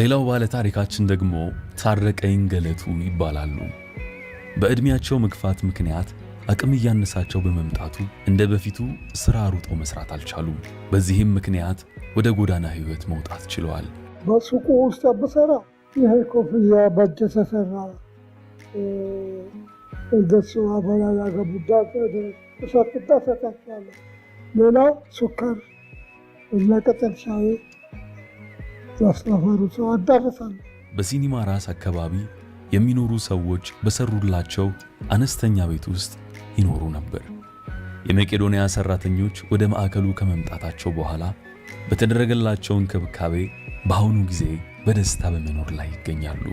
ሌላው ባለ ታሪካችን ደግሞ ታረቀኝ ገለቱ ይባላሉ። በእድሜያቸው መግፋት ምክንያት አቅም እያነሳቸው በመምጣቱ እንደ በፊቱ ስራ ሩጠው መስራት አልቻሉም። በዚህም ምክንያት ወደ ጎዳና ህይወት መውጣት ችለዋል። በሱቁ ውስጥ ብሰራ ይሄ ኮፍያ በእጅ ተሰራ እንደሱ አበላላ ገቡዳ እሸጥታ ተጠቅያለ ሌላው ሱከር እና ቅጠል ያስተፋሩ ሰው አዳርሳለሁ። በሲኒማ ራስ አካባቢ የሚኖሩ ሰዎች በሰሩላቸው አነስተኛ ቤት ውስጥ ይኖሩ ነበር። የመቄዶንያ ሰራተኞች ወደ ማዕከሉ ከመምጣታቸው በኋላ በተደረገላቸው እንክብካቤ በአሁኑ ጊዜ በደስታ በመኖር ላይ ይገኛሉ።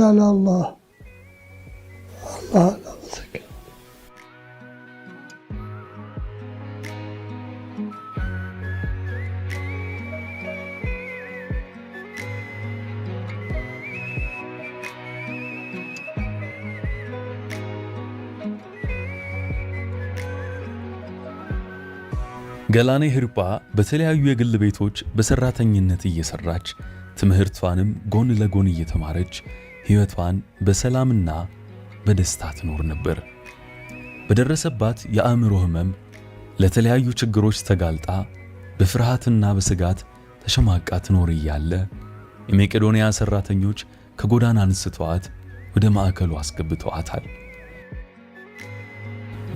ያለ አላህ ገላኔ ህርፓ በተለያዩ የግል ቤቶች በሰራተኝነት እየሰራች ትምህርቷንም ጎን ለጎን እየተማረች ህይወቷን በሰላምና በደስታ ትኖር ነበር። በደረሰባት የአእምሮ ህመም ለተለያዩ ችግሮች ተጋልጣ በፍርሃትና በስጋት ተሸማቃ ትኖር እያለ የመቄዶንያ ሰራተኞች ከጎዳና አንስተዋት ወደ ማዕከሉ አስገብተዋታል።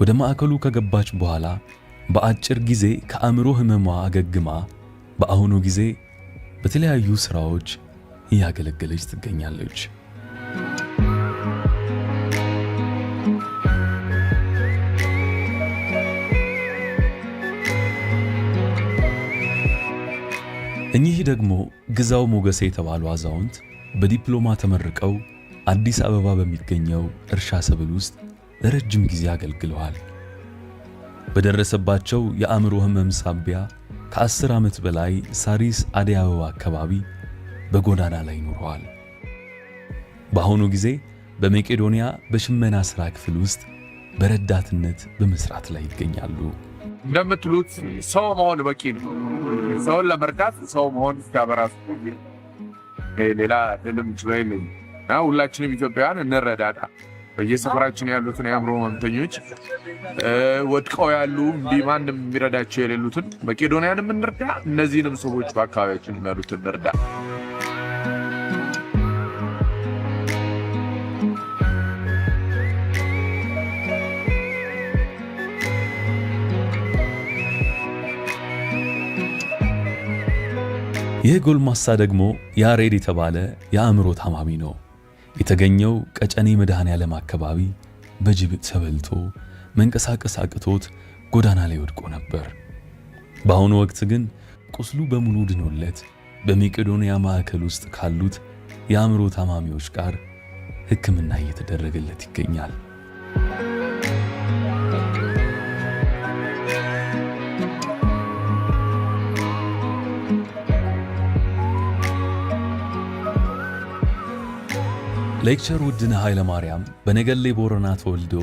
ወደ ማዕከሉ ከገባች በኋላ በአጭር ጊዜ ከአእምሮ ህመሟ አገግማ በአሁኑ ጊዜ በተለያዩ ስራዎች እያገለገለች ትገኛለች። እኚህ ደግሞ ግዛው ሞገሴ የተባሉ አዛውንት በዲፕሎማ ተመርቀው አዲስ አበባ በሚገኘው እርሻ ሰብል ውስጥ ለረጅም ጊዜ አገልግለዋል። በደረሰባቸው የአእምሮ ህመም ሳቢያ ከአስር ዓመት በላይ ሳሪስ አደይ አበባ አካባቢ በጎዳና ላይ ኖረዋል። በአሁኑ ጊዜ በመቄዶንያ በሽመና ሥራ ክፍል ውስጥ በረዳትነት በመስራት ላይ ይገኛሉ። እንደምትሉት ሰው መሆን በቂ ነው። ሰውን ለመርዳት ሰው መሆን እስካበራስ ሌላ ልምድ ወይም ሁላችንም ኢትዮጵያውያን እንረዳዳ በየሰፈራችን ያሉትን የአእምሮ ህመምተኞች ወድቀው ያሉ ማንም የሚረዳቸው የሌሉትን መቄዶንያንም እንርዳ፣ እነዚህንም ሰዎች በአካባቢያችን ያሉትን እንርዳ። ይህ ጎልማሳ ደግሞ ያሬድ የተባለ የአእምሮ ታማሚ ነው። የተገኘው ቀጨኔ መድኃኔዓለም አካባቢ በጅብ ተበልቶ መንቀሳቀስ አቅቶት ጎዳና ላይ ወድቆ ነበር። በአሁኑ ወቅት ግን ቁስሉ በሙሉ ድኖለት በመቄዶንያ ማዕከል ውስጥ ካሉት የአእምሮ ታማሚዎች ጋር ሕክምና እየተደረገለት ይገኛል። ሌክቸር ውድነ ኃይለ ማርያም በነገሌ ቦረና ተወልዶ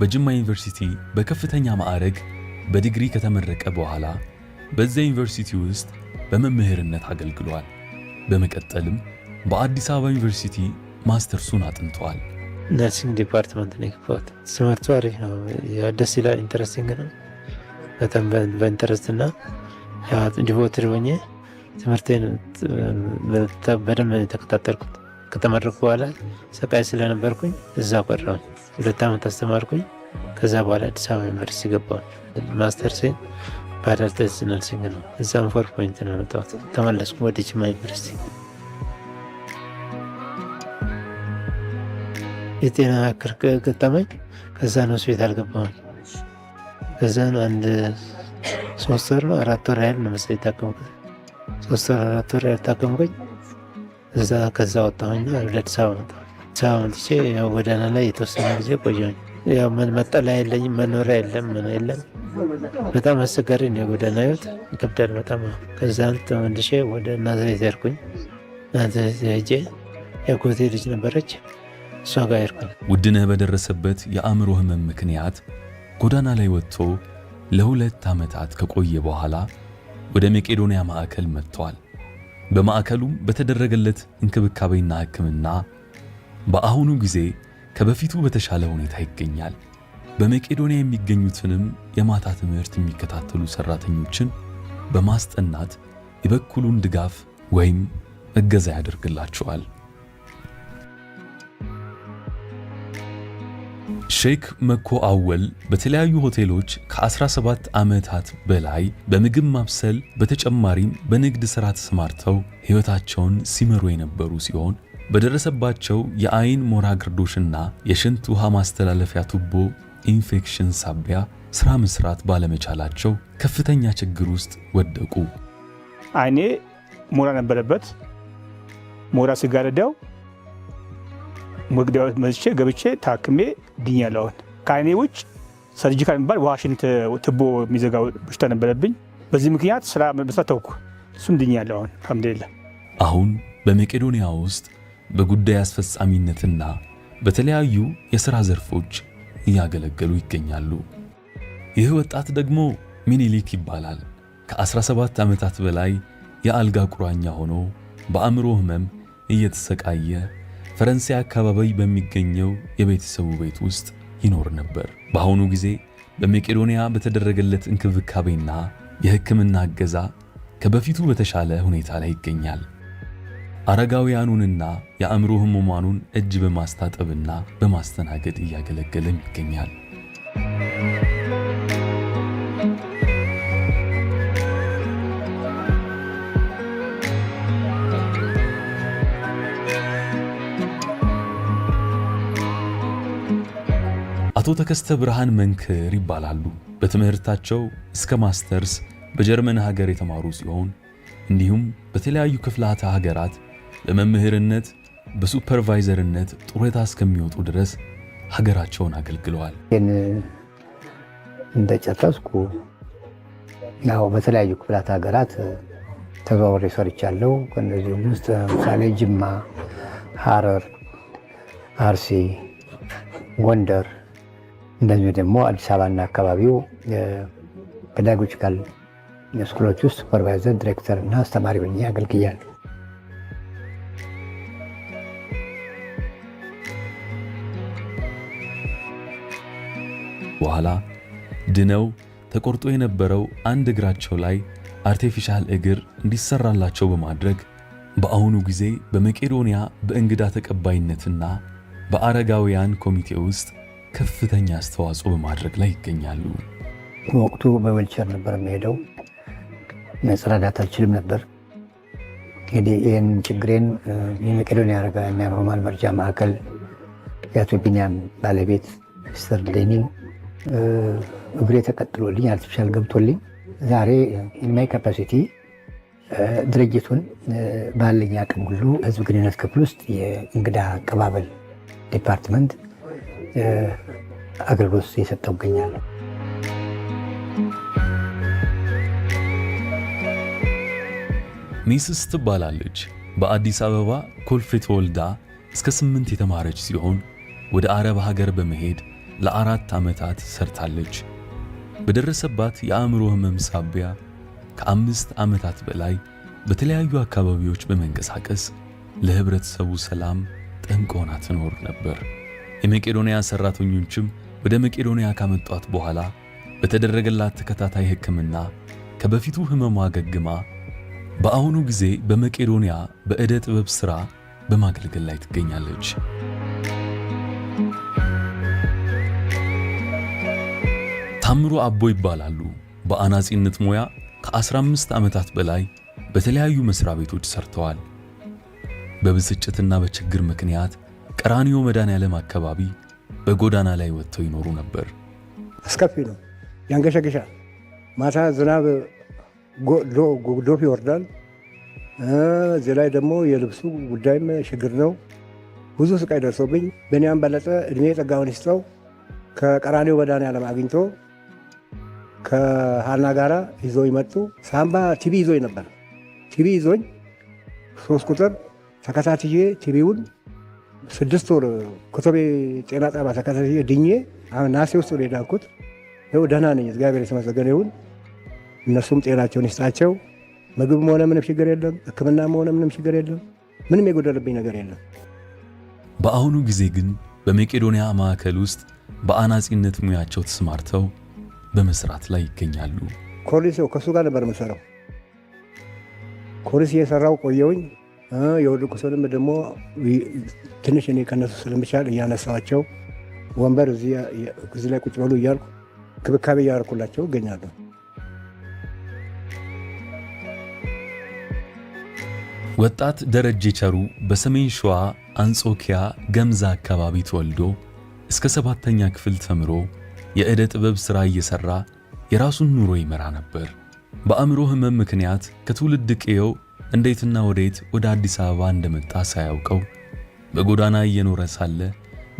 በጅማ ዩኒቨርሲቲ በከፍተኛ ማዕረግ በዲግሪ ከተመረቀ በኋላ በዚያ ዩኒቨርሲቲ ውስጥ በመምህርነት አገልግሏል። በመቀጠልም በአዲስ አበባ ዩኒቨርሲቲ ማስተርሱን አጥንተዋል። ነርሲንግ ዲፓርትመንት ነው የገባሁት። ትምህርቱ አሪፍ ነው፣ ደስ ይላል፣ ኢንተረስቲንግ ነው በጣም በኢንተረስት እና ዲቮትድ ሆኜ ትምህርቴን በደንብ ተከታተልኩት። ከተመረኩ በኋላ ሰቃይ ስለነበርኩኝ እዛ ቆራሁኝ። ሁለት ዓመት አስተማርኩኝ። ከዛ በኋላ አዲስ አበባ ዩኒቨርሲቲ ገባሁ። ማስተር ሴን በአዳልተስ ነርሲንግ ነው። እዛም ፎር ፖይንት ነው ያመጣሁት። ተመለስኩ ወደ ጅማ ዩኒቨርሲቲ። የጤና እክል ገጠመኝ። ከዛ ከዛን ሆስፒታል ገባሁኝ። ከዛን አንድ ሶስት ወር ነው አራት ወር ያህል ነው መሰለኝ የታከምኩት። ሶስት ወር አራት ወር ያህል ታከምኩኝ። እዛ ከዛ ወጣሁኝ ወደ አዲስ አበባ መጣሁ። አዲስ አበባ መጥቼ ያው ጎዳና ላይ የተወሰነ ጊዜ ቆየሁኝ። ያው ምን መጠለያ የለኝም፣ መኖሪያ የለም፣ ምን የለም። በጣም አስቸጋሪ ነው የጎዳና ህይወት፣ ይከብዳል በጣም። ከዛ ተመልሼ ወደ ናዝሬት ሄድኩኝ። ናዝሬት ሄጄ የጎቴ ልጅ ነበረች፣ እሷ ጋር ሄድኩኝ። ውድነህ በደረሰበት የአእምሮ ህመም ምክንያት ጎዳና ላይ ወጥቶ ለሁለት ዓመታት ከቆየ በኋላ ወደ መቄዶንያ ማዕከል መጥተዋል። በማዕከሉም በተደረገለት እንክብካቤና ሕክምና በአሁኑ ጊዜ ከበፊቱ በተሻለ ሁኔታ ይገኛል። በመቄዶንያ የሚገኙትንም የማታ ትምህርት የሚከታተሉ ሰራተኞችን በማስጠናት የበኩሉን ድጋፍ ወይም እገዛ ያደርግላቸዋል። ሼክ መኮ አወል በተለያዩ ሆቴሎች ከ17 ዓመታት በላይ በምግብ ማብሰል በተጨማሪም በንግድ ሥራ ተሰማርተው ሕይወታቸውን ሲመሩ የነበሩ ሲሆን በደረሰባቸው የአይን ሞራ ግርዶሽና የሽንት ውሃ ማስተላለፊያ ቱቦ ኢንፌክሽን ሳቢያ ሥራ መሥራት ባለመቻላቸው ከፍተኛ ችግር ውስጥ ወደቁ። አይኔ ሞራ ነበረበት። ሞራ ሲጋረደው መግደያ መዝቼ ገብቼ ታክሜ ድኛለሁ። አሁን ከአይኔ ውጭ ሰርጂካል የሚባል ዋሽንት ትቦ የሚዘጋው በሽታ ነበረብኝ። በዚህ ምክንያት ስራ መስራት ተውኩ። እሱም ድኛለሁ። አሁን አልሐምዱሊላህ። አሁን በመቄዶንያ ውስጥ በጉዳይ አስፈጻሚነትና በተለያዩ የሥራ ዘርፎች እያገለገሉ ይገኛሉ። ይህ ወጣት ደግሞ ሚኒሊክ ይባላል። ከ17 ዓመታት በላይ የአልጋ ቁራኛ ሆኖ በአእምሮ ህመም እየተሰቃየ ፈረንሳይ አካባቢ በሚገኘው የቤተሰቡ ቤት ውስጥ ይኖር ነበር። በአሁኑ ጊዜ በመቄዶንያ በተደረገለት እንክብካቤና የሕክምና እገዛ ከበፊቱ በተሻለ ሁኔታ ላይ ይገኛል። አረጋውያኑንና የአእምሮ ህሙማኑን እጅ በማስታጠብና በማስተናገድ እያገለገለም ይገኛል። አቶ ተከስተ ብርሃን መንክር ይባላሉ። በትምህርታቸው እስከ ማስተርስ በጀርመን ሀገር የተማሩ ሲሆን እንዲሁም በተለያዩ ክፍላተ ሀገራት ለመምህርነት በሱፐርቫይዘርነት ጡረታ እስከሚወጡ ድረስ ሀገራቸውን አገልግለዋል። ግን እንደጨረስኩ ያው በተለያዩ ክፍላት ሀገራት ተዘዋውሬ ሰርቻለሁ። ከእነዚህም ውስጥ ለምሳሌ ጅማ፣ ሐረር፣ አርሲ፣ ጎንደር እንደዚሁ ደግሞ አዲስ አበባና አካባቢው ፔዳጎጂካል ስኩሎች ውስጥ ሱፐርቫይዘር፣ ዲሬክተር እና አስተማሪ ሆኜ አገልግያለሁ። በኋላ ድነው ተቆርጦ የነበረው አንድ እግራቸው ላይ አርቴፊሻል እግር እንዲሰራላቸው በማድረግ በአሁኑ ጊዜ በመቄዶንያ በእንግዳ ተቀባይነትና በአረጋውያን ኮሚቴ ውስጥ ከፍተኛ አስተዋጽኦ በማድረግ ላይ ይገኛሉ። በወቅቱ በዌልቸር ነበር የሚሄደው፣ መጸዳዳት አልችልም ነበር። እንግዲህ ይህን ችግሬን የመቄዶንያ አረጋውያንና ሕሙማን መርጃ ማዕከል የአቶ ቢኒያም ባለቤት ሚስተር ሌኒ እግሬ ተቀጥሎልኝ አርቲፊሻል ገብቶልኝ ዛሬ ኢንማይ ካፓሲቲ ድርጅቱን ባለኝ አቅም ሁሉ ህዝብ ግንኙነት ክፍል ውስጥ የእንግዳ አቀባበል ዲፓርትመንት አገልግሎት እየሰጠው ይገኛል። ሚስስ ትባላለች። በአዲስ አበባ ኮልፌ ተወልዳ እስከ ስምንት የተማረች ሲሆን ወደ አረብ ሀገር በመሄድ ለአራት ዓመታት ሰርታለች። በደረሰባት የአእምሮ ህመም ሳቢያ ከአምስት ዓመታት በላይ በተለያዩ አካባቢዎች በመንቀሳቀስ ለህብረተሰቡ ሰላም ጠንቅ ሆና ትኖር ነበር። የመቄዶንያ ሠራተኞችም ወደ መቄዶንያ ካመጧት በኋላ በተደረገላት ተከታታይ ሕክምና ከበፊቱ ሕመሟ አገግማ በአሁኑ ጊዜ በመቄዶንያ በዕደ ጥበብ ሥራ በማገልገል ላይ ትገኛለች። ታምሩ አቦ ይባላሉ። በአናጺነት ሙያ ከ15 ዓመታት በላይ በተለያዩ መሥሪያ ቤቶች ሠርተዋል። በብስጭትና በችግር ምክንያት መዳን መድኃኔዓለም አካባቢ በጎዳና ላይ ወጥተው ይኖሩ ነበር። አስከፊ ነው፣ ያንገሸገሻል። ማታ ዝናብ ዶፍ ይወርዳል። እዚህ ላይ ደግሞ የልብሱ ጉዳይም ችግር ነው። ብዙ ስቃይ ደርሶብኝ ብንያም በለጠ እድሜ ጸጋውን ይስጠው መዳን መድኃኔዓለም አግኝቶ ከሀና ጋራ ይዞኝ መጡ። ሳምባ ቲቪ ይዞኝ ነበር። ቲቪ ይዞኝ ሶስት ቁጥር ተከታትዬ ቲቪውን ስድስት ወር ኮተቤ ጤና ጣባ ተከታትዬ ድኜ ናሴ ውስጥ ነው የዳንኩት። ይኸው ደህና ነኝ፣ እግዚአብሔር የተመሰገነ ይሁን። እነሱም ጤናቸውን ይስጣቸው። ምግብ መሆነ ምንም ችግር የለም፣ ሕክምናም መሆነ ምንም ችግር የለም። ምንም የጎደለብኝ ነገር የለም። በአሁኑ ጊዜ ግን በመቄዶንያ ማዕከል ውስጥ በአናጺነት ሙያቸው ተሰማርተው በመስራት ላይ ይገኛሉ። ኮርኒስ ከእሱ ጋር ነበር የምሰራው። ኮርኒስ እየሰራው ቆየውኝ የወደቁ ሰውንም ደግሞ ትንሽ እኔ ከነሱ ስለምቻል እያነሳቸው ወንበር እዚህ ላይ ቁጭ በሉ እያልኩ ክብካቤ እያደረኩላቸው ይገኛሉ። ወጣት ደረጀ ቸሩ በሰሜን ሸዋ አንጾኪያ ገምዛ አካባቢ ተወልዶ እስከ ሰባተኛ ክፍል ተምሮ የዕደ ጥበብ ሥራ እየሠራ የራሱን ኑሮ ይመራ ነበር። በአእምሮ ሕመም ምክንያት ከትውልድ ቅየው እንዴትና ወዴት ወደ አዲስ አበባ እንደመጣ ሳያውቀው በጎዳና እየኖረ ሳለ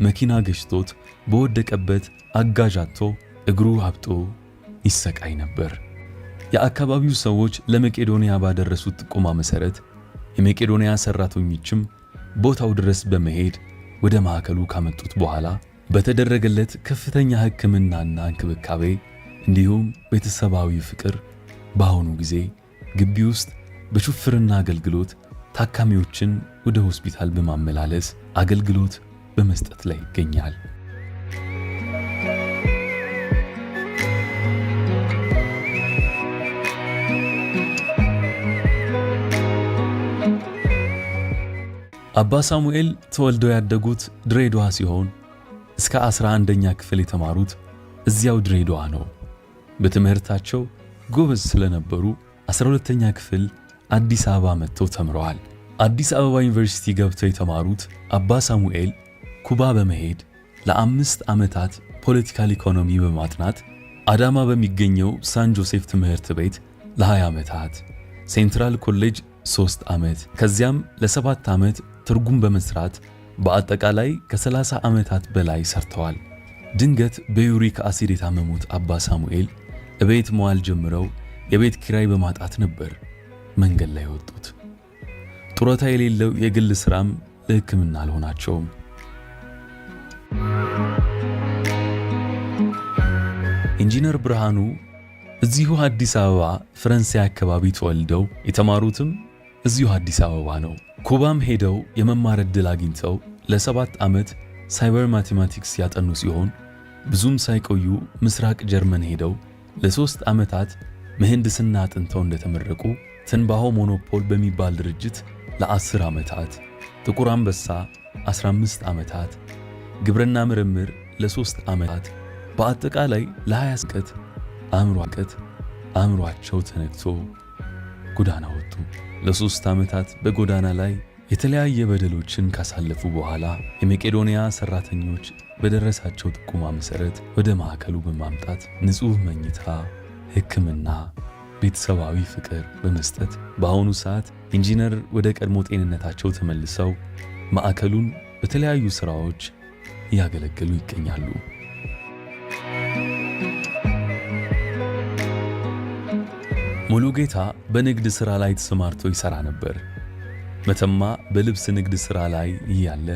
መኪና ገጭቶት በወደቀበት አጋዥ እግሩ አብጦ ይሰቃይ ነበር። የአካባቢው ሰዎች ለመቄዶንያ ባደረሱት ጥቆማ መሰረት የመቄዶንያ ሰራተኞችም ቦታው ድረስ በመሄድ ወደ ማዕከሉ ካመጡት በኋላ በተደረገለት ከፍተኛ ሕክምናና እንክብካቤ እንዲሁም ቤተሰባዊ ፍቅር በአሁኑ ጊዜ ግቢ ውስጥ በሹፍርና አገልግሎት ታካሚዎችን ወደ ሆስፒታል በማመላለስ አገልግሎት በመስጠት ላይ ይገኛል። አባ ሳሙኤል ተወልደው ያደጉት ድሬዳዋ ሲሆን እስከ 11ኛ ክፍል የተማሩት እዚያው ድሬዳዋ ነው። በትምህርታቸው ጎበዝ ስለነበሩ 12ኛ ክፍል አዲስ አበባ መጥተው ተምረዋል። አዲስ አበባ ዩኒቨርሲቲ ገብተው የተማሩት አባ ሳሙኤል ኩባ በመሄድ ለአምስት ዓመታት ፖለቲካል ኢኮኖሚ በማጥናት አዳማ በሚገኘው ሳን ጆሴፍ ትምህርት ቤት ለ20 ዓመታት፣ ሴንትራል ኮሌጅ 3 ዓመት፣ ከዚያም ለ7 ዓመት ትርጉም በመስራት በአጠቃላይ ከ30 ዓመታት በላይ ሰርተዋል። ድንገት በዩሪክ አሲድ የታመሙት አባ ሳሙኤል እቤት መዋል ጀምረው የቤት ኪራይ በማጣት ነበር መንገድ ላይ ወጡት። ጡረታ የሌለው የግል ስራም ለሕክምና አልሆናቸውም። ኢንጂነር ብርሃኑ እዚሁ አዲስ አበባ ፈረንሳይ አካባቢ ተወልደው የተማሩትም እዚሁ አዲስ አበባ ነው። ኩባም ሄደው የመማር ዕድል አግኝተው ለሰባት ዓመት ሳይበር ማቴማቲክስ ያጠኑ ሲሆን ብዙም ሳይቆዩ ምስራቅ ጀርመን ሄደው ለሦስት ዓመታት ምህንድስና አጥንተው እንደተመረቁ ትንባሆ ሞኖፖል በሚባል ድርጅት ለ10 ዓመታት፣ ጥቁር አንበሳ 15 ዓመታት፣ ግብርና ምርምር ለ3 ዓመታት፣ በአጠቃላይ ለ20 ቀት አእምሮ አቀት አእምሯቸው ተነክቶ ጎዳና ወጡ። ለሶስት ዓመታት በጎዳና ላይ የተለያየ በደሎችን ካሳለፉ በኋላ የመቄዶንያ ሰራተኞች በደረሳቸው ጥቁማ መሰረት ወደ ማዕከሉ በማምጣት ንጹህ መኝታ፣ ሕክምና ቤተሰባዊ ፍቅር በመስጠት በአሁኑ ሰዓት ኢንጂነር ወደ ቀድሞ ጤንነታቸው ተመልሰው ማዕከሉን በተለያዩ ሥራዎች እያገለገሉ ይገኛሉ። ሙሉጌታ በንግድ ሥራ ላይ ተሰማርቶ ይሠራ ነበር። መተማ በልብስ ንግድ ሥራ ላይ እያለ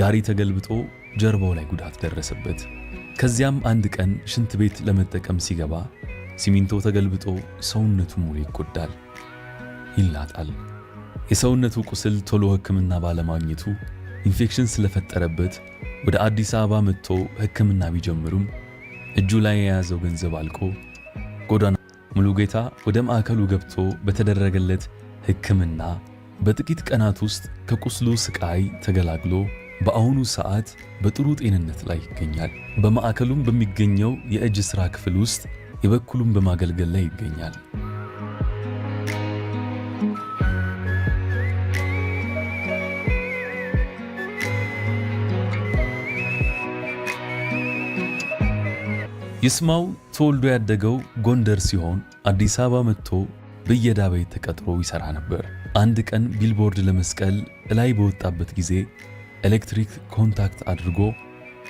ጋሪ ተገልብጦ ጀርባው ላይ ጉዳት ደረሰበት። ከዚያም አንድ ቀን ሽንት ቤት ለመጠቀም ሲገባ ሲሚንቶ ተገልብጦ ሰውነቱ ሙሉ ይጎዳል፣ ይላጣል። የሰውነቱ ቁስል ቶሎ ሕክምና ባለማግኘቱ ኢንፌክሽን ስለፈጠረበት ወደ አዲስ አበባ መጥቶ ሕክምና ቢጀምሩም እጁ ላይ የያዘው ገንዘብ አልቆ ጎዳና ሙሉ ጌታ ወደ ማዕከሉ ገብቶ በተደረገለት ሕክምና በጥቂት ቀናት ውስጥ ከቁስሉ ስቃይ ተገላግሎ በአሁኑ ሰዓት በጥሩ ጤንነት ላይ ይገኛል። በማዕከሉም በሚገኘው የእጅ ሥራ ክፍል ውስጥ የበኩሉን በማገልገል ላይ ይገኛል። ይስማው ተወልዶ ያደገው ጎንደር ሲሆን አዲስ አበባ መጥቶ በየዳ ቤት ተቀጥሮ ይሰራ ነበር። አንድ ቀን ቢልቦርድ ለመስቀል ላይ በወጣበት ጊዜ ኤሌክትሪክ ኮንታክት አድርጎ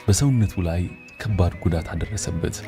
በሰውነቱ ላይ ከባድ ጉዳት አደረሰበት።